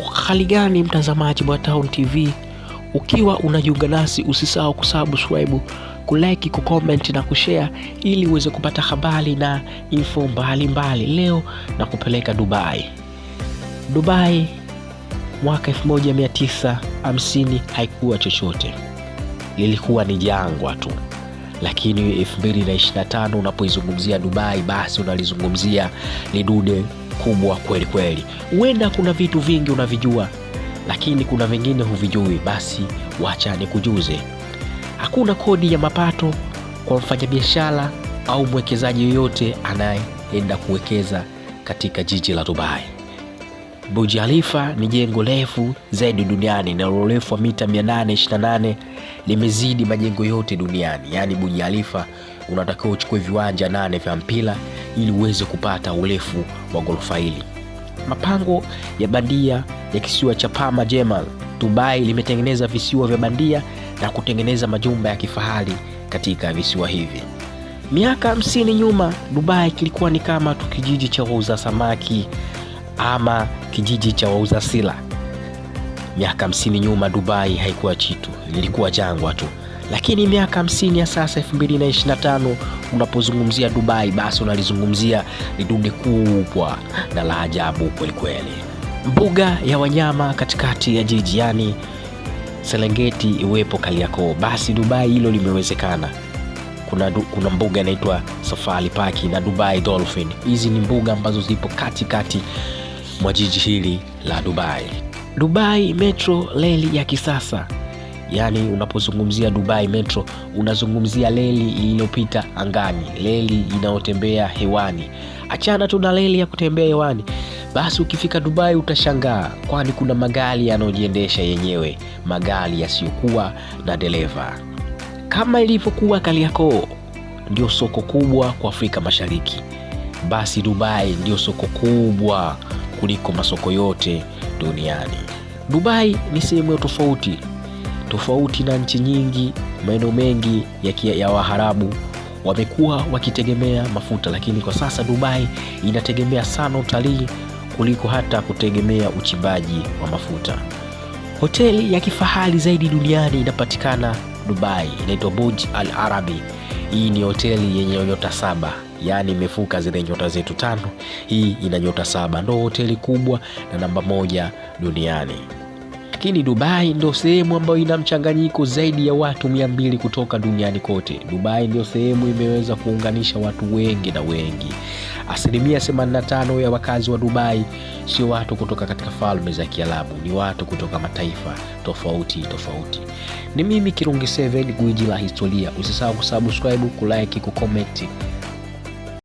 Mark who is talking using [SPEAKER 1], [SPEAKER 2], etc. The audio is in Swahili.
[SPEAKER 1] Hali gani mtazamaji wa Town TV, ukiwa unajiunga nasi usisahau kusubscribe, kulike, kucomment na kushare ili uweze kupata habari na info mbalimbali. Leo na kupeleka Dubai. Dubai mwaka 1950 haikuwa chochote, lilikuwa ni jangwa tu, lakini 2025 unapoizungumzia Dubai basi unalizungumzia lidude mkubwa kweli kweli. Huenda kuna vitu vingi unavijua, lakini kuna vingine huvijui, basi wacha nikujuze. Hakuna kodi ya mapato kwa mfanyabiashara au mwekezaji yoyote anayeenda kuwekeza katika jiji la Dubai. Burj Khalifa ni jengo refu zaidi duniani na urefu wa mita 828 limezidi majengo yote duniani. Yaani Burj Khalifa unatakiwa uchukue viwanja nane vya mpira ili uweze kupata urefu wa ghorofa hili. Mapango ya bandia ya kisiwa cha Palma Jemal. Dubai limetengeneza visiwa vya bandia na kutengeneza majumba ya kifahari katika visiwa hivi. Miaka hamsini nyuma, Dubai kilikuwa ni kama tu kijiji cha wauza samaki ama kijiji cha wauza sila. Miaka hamsini nyuma, Dubai haikuwa chitu, lilikuwa jangwa tu lakini miaka 50 ya sasa 2025 unapozungumzia Dubai basi unalizungumzia ni kubwa na la ajabu kwelikweli. Mbuga ya wanyama katikati ya jiji, yani Serengeti iwepo Kariakoo, basi Dubai hilo limewezekana. Kuna, kuna mbuga inaitwa Safari Park na Dubai Dolphin. Hizi ni mbuga ambazo zipo katikati mwa jiji hili la Dubai. Dubai Metro, reli ya kisasa yani unapozungumzia dubai metro unazungumzia leli iliyopita angani leli inayotembea hewani achana tu na leli ya kutembea hewani basi ukifika dubai utashangaa kwani kuna magari yanayojiendesha yenyewe magari yasiyokuwa na dereva kama ilivyokuwa kaliakoo ndio soko kubwa kwa afrika mashariki basi dubai ndio soko kubwa kuliko masoko yote duniani dubai ni sehemu ya tofauti Tofauti na nchi nyingi, maeneo mengi ya, ya waharabu wamekuwa wakitegemea mafuta, lakini kwa sasa Dubai inategemea sana utalii kuliko hata kutegemea uchimbaji wa mafuta. Hoteli ya kifahari zaidi duniani inapatikana Dubai, inaitwa Burj Al Arabi. Hii ni hoteli yenye nyota saba, yaani imefuka zile nyota zetu tano. Hii ina nyota saba, ndo hoteli kubwa na namba moja duniani lakini Dubai ndio sehemu ambayo ina mchanganyiko zaidi ya watu mia mbili kutoka duniani kote. Dubai ndio sehemu imeweza kuunganisha watu wengi na wengi. Asilimia 85 ya wakazi wa Dubai sio watu kutoka katika falme za Kiarabu, ni watu kutoka mataifa tofauti tofauti. Ni mimi Kirungi 7, gwiji la historia. Usisahau kusubscribe, kulike, kucomment